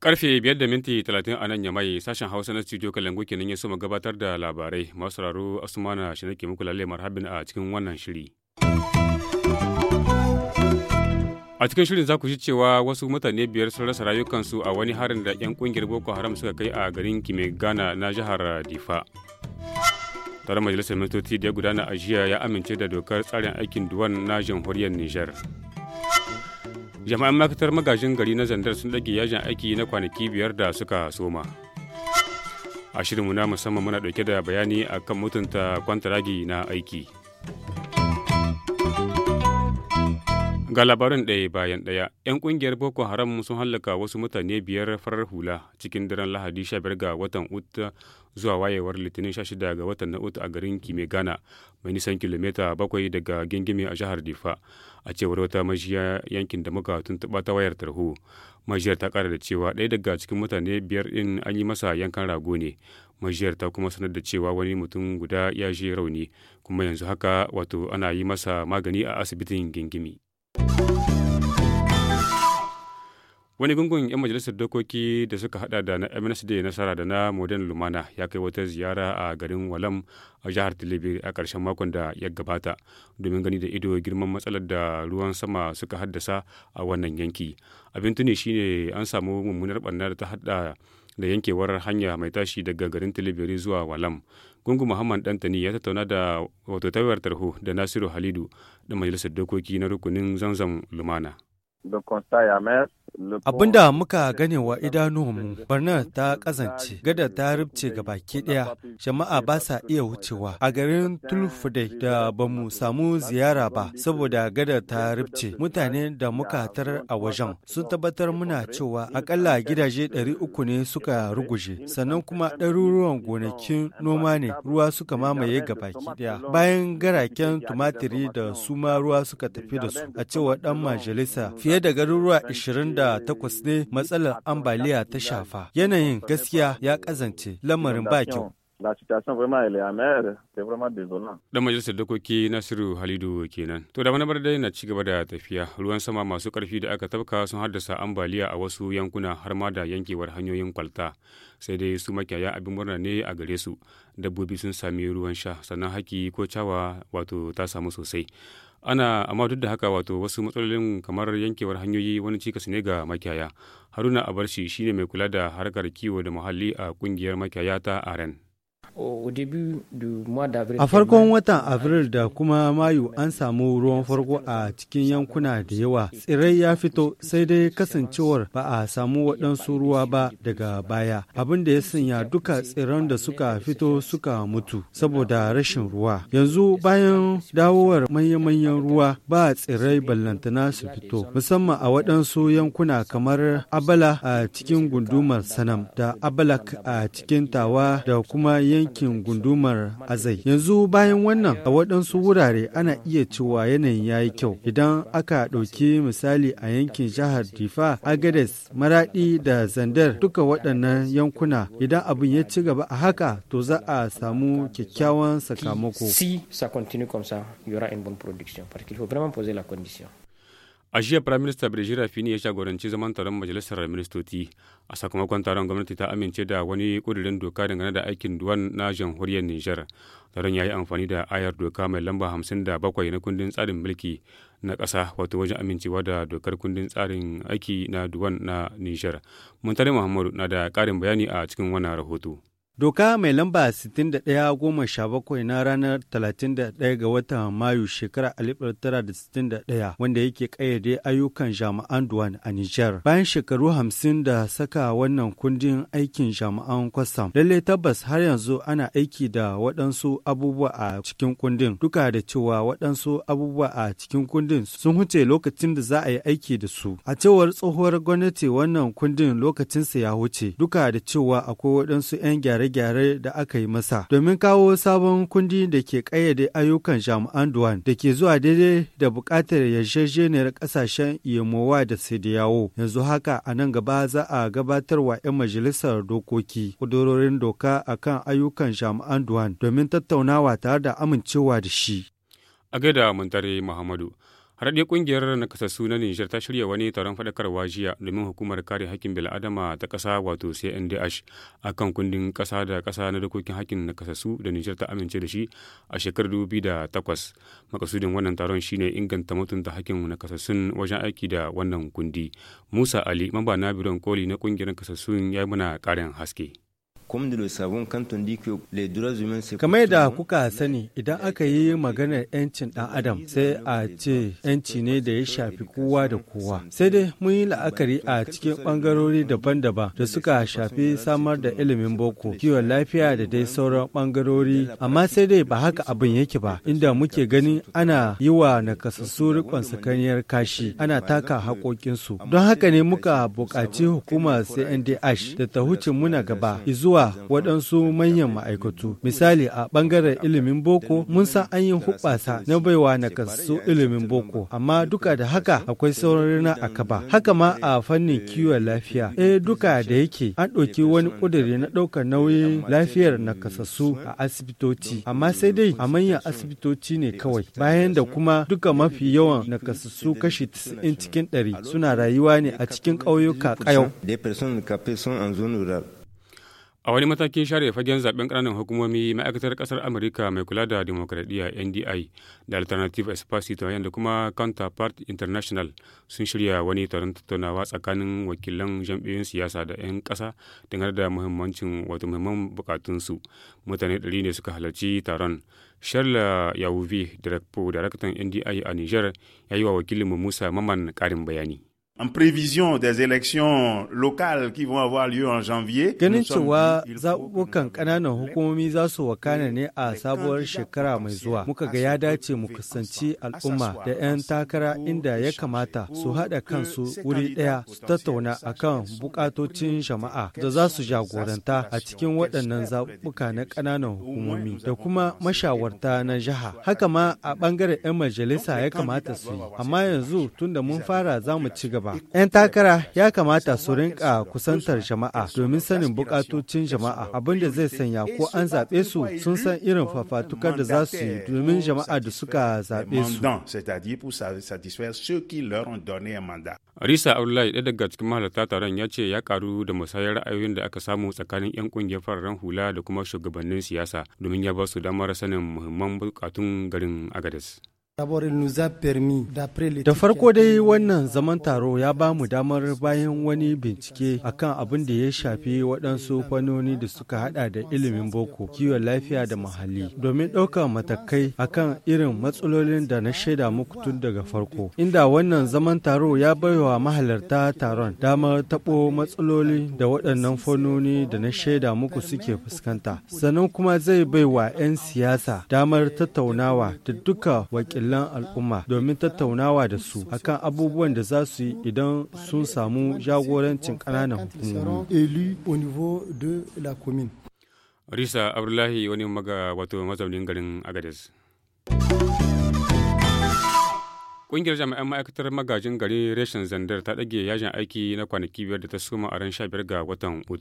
Karfe biyar da minti talatin a nan ya mai sashen Hausa na studio Kalangu kenan ya soma gabatar da labarai. Masu sauraro Asmana shi nake muku lalle marhabin a cikin wannan shiri. A cikin shirin za ku ji cewa wasu mutane biyar sun rasa rayukansu a wani harin da 'yan kungiyar Boko Haram suka kai a garin Kimegana na jihar Difa. Tare majalisar mintoci da ya gudana a jiya ya amince da dokar tsarin aikin duwan na jamhuriyar Nijar. Jama'an makatar magajin gari na Zandar sun ɗage yajin aiki na kwanaki biyar da suka soma. A shirinmu na musamman muna ɗauke da bayani akan mutunta kwantaragi na aiki. Ga labarin ɗaya bayan ɗaya, 'yan ƙungiyar Boko Haram sun hallaka wasu mutane biyar farar hula cikin daren Lahadi 15 ga watan Ut zuwa wayewar Litinin 16 ga watan na Ut a garin Kimegana, mai nisan kilomita bakwai daga gingimi a jihar Difa, a cewar wata majiya yankin da muka tuntuɓa ta wayar tarho. Majiyar ta ƙara da cewa ɗaya daga cikin mutane biyar ɗin an yi masa yankan rago ne. Majiyar ta kuma sanar da cewa wani mutum guda ya je rauni, kuma yanzu haka wato ana yi masa magani a asibitin Gingimi. wani gungun 'yan majalisar dokoki da suka hada da na msd nasara da na modern lumana ya kai wata ziyara a garin walam a jihar tilibiri a karshen makon da ya gabata domin gani da ido girman matsalar da ruwan sama suka haddasa a wannan yanki abin tuni shine an samu mummunar barna da ta hada da yankewar hanya mai tashi daga garin tilibiri zuwa walam Gungun Muhammad Dantani ya tattauna da wato tawayar tarho da Nasiru Halidu da Majalisar Dokoki na rukunin zanzan Lumana. Abinda muka gane wa idanuwanmu barnar ta kazance, gada ta rubce ga baki ɗaya, jama'a ba sa iya wucewa. A garin Tulfudai da ba mu samu ziyara ba saboda gada ta rubce, mutane da muka tarar a wajen sun tabbatar muna cewa akalla gidaje ɗari uku ne suka ruguje, sannan kuma ɗaruruwan gonakin noma ne ruwa suka mamaye ga baki ɗaya. Bayan garaken tumatiri da suma ruwa suka tafi da su, a cewa ɗan majalisa fiye da garuruwa ashirin takwas ne matsalar ambaliya ta shafa. Yanayin gaskiya ya kazance lamarin ba kyau. la situation vraiment Dan majalisar dokoki Nasiru Halidu kenan. To da manabar dai na cigaba da tafiya ruwan sama masu karfi da aka tabka sun haddasa ambaliya a wasu yankuna har ma da yankewar hanyoyin kwalta. Sai dai su makiyaya abin murna ne a gare su. Dabbobi sun sami ruwan sha sannan haki ko cawa wato ta samu sosai. Ana amma duk da haka wato wasu matsalolin kamar yankewar hanyoyi wani cikas ne ga makiyaya. Haruna Abarshi shine mai kula da harkar kiwo da muhalli a kungiyar makiyaya ta Aren. A farkon watan Afril da kuma Mayu an samu ruwan farko a cikin yankuna da yawa. Tsirai ya fito sai dai kasancewar ba a samu waɗansu ruwa ba daga baya. Abin da ya sanya duka tsiran da suka fito suka mutu saboda rashin ruwa. Yanzu bayan dawowar manya-manyan ruwa ba tsirrai ballantana su fito. Musamman a waɗansu yankuna kamar Abala a cikin gundumar Sanam da Abalak a cikin Tawa da kuma yan yankin gundumar Azai. Yanzu bayan wannan a waɗansu wurare ana iya cewa yanayin ya yi kyau. Idan aka ɗauki misali a yankin jihar Difa, Agades, maradi da Zandar duka waɗannan yankuna idan abin ya ci gaba a haka to za a samu kyakkyawan sakamako. A jiya Firaminista Birjira Rafini ya jagoranci zaman taron Majalisar Ministoci a sakamakon taron gwamnati ta amince da wani ƙudurin doka dangane da aikin duwan na jamhuriyar Nijar. Taron ya yi amfani da ayar doka mai lamba hamsin da bakwai na kundin tsarin mulki na ƙasa wato wajen amincewa da dokar kundin tsarin aiki na duwan na Nijar. Muntari Muhammadu na da ƙarin bayani a cikin wannan rahoto. Doka mai lamba 6117 na ranar 31 ga watan Mayu shekarar 1961 wanda yake kayyade ayyukan jama'an Duwan a Nijar. Bayan shekaru hamsin da saka wannan kundin aikin jama'an kwastam, lalle tabbas har yanzu ana aiki da waɗansu abubuwa a cikin kundin. Duka da cewa waɗansu abubuwa a cikin kundin sun huce lokacin da za a yi aiki da su. A cewar tsohuwar gwamnati wannan kundin lokacinsa ya huce. Duka da cewa akwai waɗansu 'yan gyara. gyare-gyare da aka yi masa domin kawo sabon kundi da ke ƙayyade ayyukan jami'an duwan da ke zuwa daidai da buƙatar yarjejeniyar ƙasashen yemowa da sediyawo yanzu haka a nan gaba za a gabatar wa 'yan majalisar dokoki ƙudurorin doka akan ayyukan jami'an duwan domin tattaunawa tare da amincewa da shi. A gaida Muhammadu. haɗaɗɗe ƙungiyar nakasassu na nijar ta shirya wani taron faɗakarwa jiya domin hukumar kare hakkin bil'adama ta ƙasa wato cndh a kan kundin ƙasa da ƙasa na dokokin hakkin nakasassu da nijar ta amince da shi a shekarar dubu da takwas makasudin wannan taron shine inganta mutunta hakkin nakasassun wajen aiki da wannan kundi musa ali mamba na biron koli na ƙungiyar nakasassun ya yi mana ƙarin haske. Kamar da kuka sani idan aka yi maganar 'yancin ɗan adam sai a ce 'yanci ne da ya shafi kowa da kowa. Sai dai mun yi la'akari a cikin ɓangarori daban-daban da suka shafi samar da ilimin boko, kiwon lafiya da dai sauran ɓangarori. Amma sai dai ba haka abin yake ba, inda muke gani ana yi wa nakasassu rikon sakaniyar kashi, ana taka haƙoƙinsu. Don haka ne muka buƙaci hukumar CNDH da ta huce muna gaba, izuwa zuwa waɗansu manyan ma'aikatu. Misali a ɓangaren ilimin boko mun san an yi hubbasa na baiwa na kasu ilimin boko amma duka da haka akwai sauran na a kaba. Haka ma a fannin kiwon lafiya. Eh duka da yake an ɗauki wani ƙudiri na ɗaukar nauyin lafiyar nakasassu a asibitoci amma sai dai a manyan asibitoci ne kawai bayan da kuma duka mafi yawan nakasassu kashi 90 cikin ɗari suna rayuwa ne a cikin ƙauyuka ƙayau A wani matakin share fagen zaben ƙananan hukumomi ma'aikatar ƙasar Amurka mai kula da demokradiyya NDI da Alternative Espacito da kuma Counterpart International sun shirya wani taron tattaunawa tsakanin wakilan jam'iyyun siyasa da 'yan ƙasa dangane da muhimmancin wato muhimman bukatunsu. Mutane ɗari ne suka halarci taron. Sharla Yawuvi, daraktan NDI a niger ya yi wa wakilinmu Musa Maman ƙarin bayani. En prévision des élections locales qui vont avoir lieu en janvier. Ganin cewa zaɓuɓɓukan ƙananan hukumomi za su wakana ne a sabuwar shekara mai zuwa. Muka ga ya dace mu kusanci al'umma da 'yan takara inda ya kamata su haɗa kansu wuri ɗaya su tattauna a kan bukatocin jama'a da za su jagoranta a cikin waɗannan zaɓuɓɓuka na ƙananan hukumomi da kuma mashawarta na jiha. Haka ma a ɓangaren 'yan majalisa ya kamata su yi. Amma yanzu tunda mun fara za mu ci gaba. ba. 'Yan takara ya kamata su rinka kusantar jama'a domin sanin bukatocin jama'a abin da zai sanya ko an zaɓe su sun san irin fafatukar da za su yi domin jama'a da suka zaɓe su. Risa Abdullahi ɗaya daga cikin mahalarta taron ya ce ya karu da musayar ra'ayoyin da aka samu tsakanin 'yan ƙungiyar fararen hula da kuma shugabannin siyasa domin ya ba su damar sanin muhimman bukatun garin Agadez. Da farko dai wannan zaman taro ya ba mu damar bayan wani bincike akan abin da ya shafi waɗansu fannoni da suka hada da ilimin boko, kiwon lafiya da muhalli, domin ɗaukar matakai akan irin matsalolin da na shaida muku tun daga farko. Inda wannan zaman taro ya baiwa mahalarta taron damar taɓo matsaloli da waɗannan fannoni da na shaida muku suke fuskanta. Sannan kuma zai baiwa 'yan siyasa damar tattaunawa da duka wakil wakilan al'umma domin tattaunawa da su akan abubuwan da za su yi idan sun samu jagorancin ƙananan hukumomi. Risa Abdullahi wani maga wato mazaunin garin Agadez. Ƙungiyar jami'an ma'aikatar magajin gari reshen zandar ta ɗage yajin aiki na kwanaki biyar da ta suma a ran sha biyar ga watan Ut.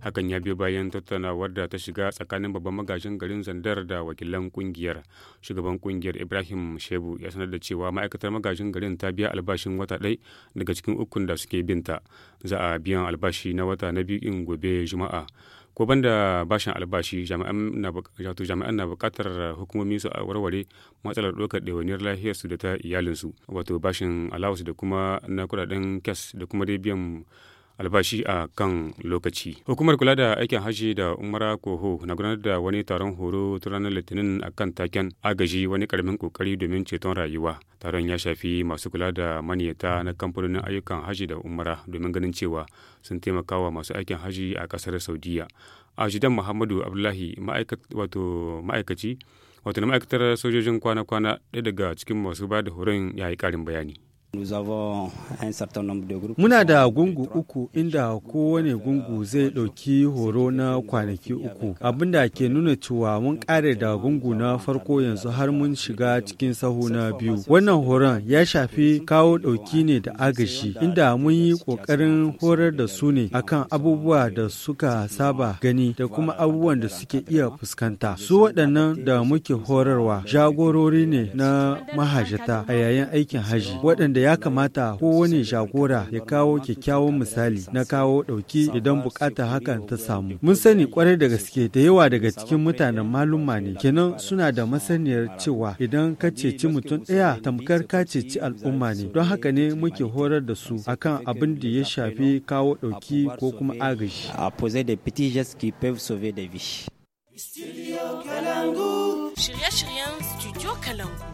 Hakan ya biyo bayan tattaunawar da ta shiga tsakanin babban magajin garin zandar da wakilan ƙungiyar. Shugaban ƙungiyar Ibrahim Shebu ya sanar da cewa ma'aikatar magajin garin ta biya albashin wata ɗai daga cikin ukun da suke binta. Za a biyan albashi na wata na biyu in gobe Juma'a. ko da bashin albashi jami'an na bukatar hukumomi su a warware matsalar ɗaukar lafiyar su da ta iyalinsu wato bashin alawus da kuma na kudaden kes da kuma dai biyan albashi a kan lokaci. Hukumar kula da aikin hajji da umara koho na gudanar da wani taron horo ta ranar litinin a kan taken agaji wani karamin kokari domin ceton rayuwa. Taron ya shafi masu kula da maniyata na kamfanonin ayyukan hajji da umara domin ganin cewa sun taimaka wa masu aikin hajji a kasar Saudiya. Ajidan Muhammadu Abdullahi ma'aikaci wato na ma'aikatar sojojin kwana-kwana ɗaya daga cikin masu ba da horon ya yi ƙarin bayani. Muna da gungu uku inda kowane gungu euh, zai ɗauki horo na kwanaki uku, abinda ke nuna cewa mun ƙare da gungu na farko yanzu har mun shiga cikin sahu na biyu. Wannan horon ya shafi kawo ɗauki ne da agashi, inda mun yi ƙoƙarin horar da su ne akan abubuwa da suka saba gani da kuma abubuwan da suke iya fuskanta. Su waɗannan da muke horarwa jagorori ne na mahajata a yayin aikin haji, waɗanda ya kamata kowane jagora ya kawo kyakkyawan misali na kawo ɗauki idan buƙatar hakan ta samu. Mun sani kwarai da gaske da yawa daga cikin mutanen malumma ne kenan suna da masaniyar cewa idan ka ceci mutum ɗaya tamkar ka ceci al'umma ne don haka ne muke horar da su akan abin da ya shafi kawo ɗauki ko kuma agaji. Shirye-shiryen Studio Kalangu.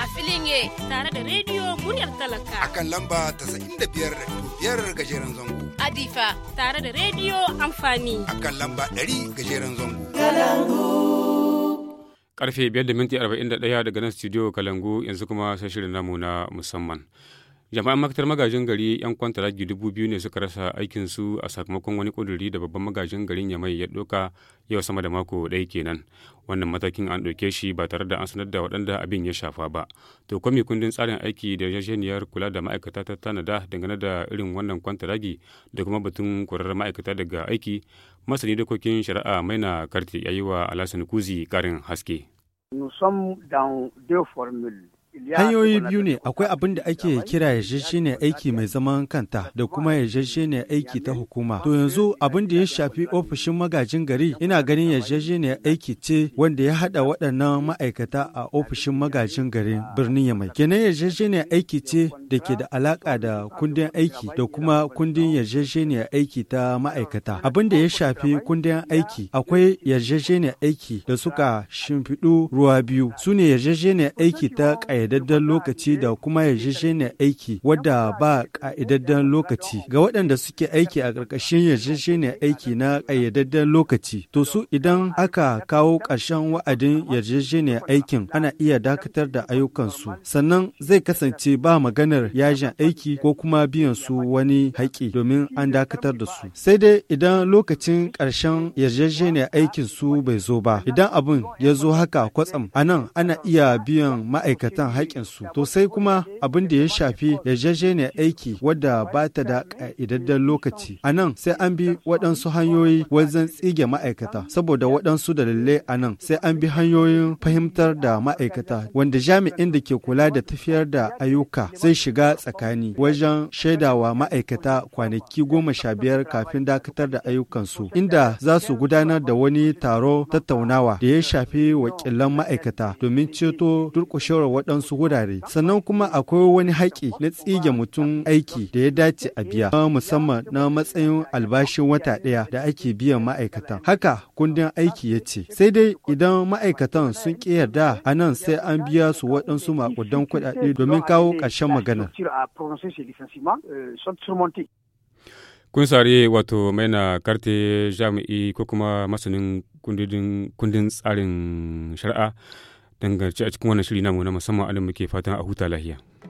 a filin ye tare da rediyo muryar talaka akan lamba da biyar gajeren zango adifa tare da rediyo amfani akan lamba 100 gajeren zango karfe biyar da minti arba'in da daya daga nan studio kalangu yanzu kuma sai shirin namu na musamman jama'an makatar magajin gari 'yan kwantaragi dubu biyu ne suka rasa aikinsu a sakamakon wani kuduri da babban magajin garin ya mai ya doka yau sama da mako ɗaya kenan wannan matakin an ɗauke shi ba tare da an sanar da waɗanda abin ya shafa ba to kwami kundin tsarin aiki da yarjejeniyar kula da ma'aikata ta tanada dangane da irin wannan kwantaragi da kuma batun kwararren ma'aikata daga aiki masani dokokin shari'a mai na karti ya yi wa alhassan kuzi ƙarin haske. nous sommes dans deux formules Hanyoyi biyu ne akwai abin da ake kira ne aiki mai zaman kanta da kuma ne aiki ta hukuma. To yanzu abin da ya shafi ofishin magajin gari ina ganin ne aiki ce wanda ya haɗa waɗannan ma'aikata a ofishin magajin gari birnin Yamai. Kenan ne aiki ce da ke da alaƙa da kundin aiki da kuma kundin ne aiki ta ma'aikata. Abin da ya shafi kundin aiki akwai ne aiki da suka shimfiɗu ruwa biyu su ne ne aiki ta ƙayyade ƙa'idaddan lokaci da kuma yarjejeniyar aiki wadda ba ƙa'idaddan lokaci ga waɗanda suke aiki a ƙarƙashin yarjejeniyar aiki na ƙayyadaddan lokaci to su idan aka kawo ƙarshen wa'adin yarjejeniyar aikin ana iya dakatar da ayyukansu sannan zai kasance ba maganar yajin aiki ko kuma biyan su wani haƙƙi domin an dakatar da su sai dai idan lokacin ƙarshen yarjejeniyar aikin su bai zo ba idan abin ya zo haka kwatsam anan ana iya biyan ma'aikatan kan haƙƙinsu. To sai kuma abin da ya shafi ne aiki wadda ba ta da ƙa'idaddar lokaci. A nan sai an bi waɗansu hanyoyi wajen tsige ma'aikata, saboda waɗansu dalilai a nan sai an bi hanyoyin fahimtar da ma'aikata wanda jami'in da ke kula da tafiyar da ayyuka zai shiga tsakani wajen shaidawa ma'aikata kwanaki goma sha biyar kafin dakatar da ayyukansu, inda za su gudanar da wani taro tattaunawa da ya shafi wakilan ma'aikata domin ceto durƙushewar waɗansu waɗansu wurare. Sannan kuma akwai wani haƙƙi na tsige mutum aiki da ya dace a biya, musamman na matsayin albashin wata ɗaya da ake biyan ma'aikatan. Haka kundin aiki ya ce, sai dai idan ma'aikatan sun ƙi yarda a nan sai an biya su waɗansu maƙudan kuɗaɗe domin kawo ƙarshen magana. kun sare wato maina karte jami'i ko kuma masanin kundin tsarin shari'a dangance a cikin wannan shiri namu na musamman alin muke fatan a huta lahiya.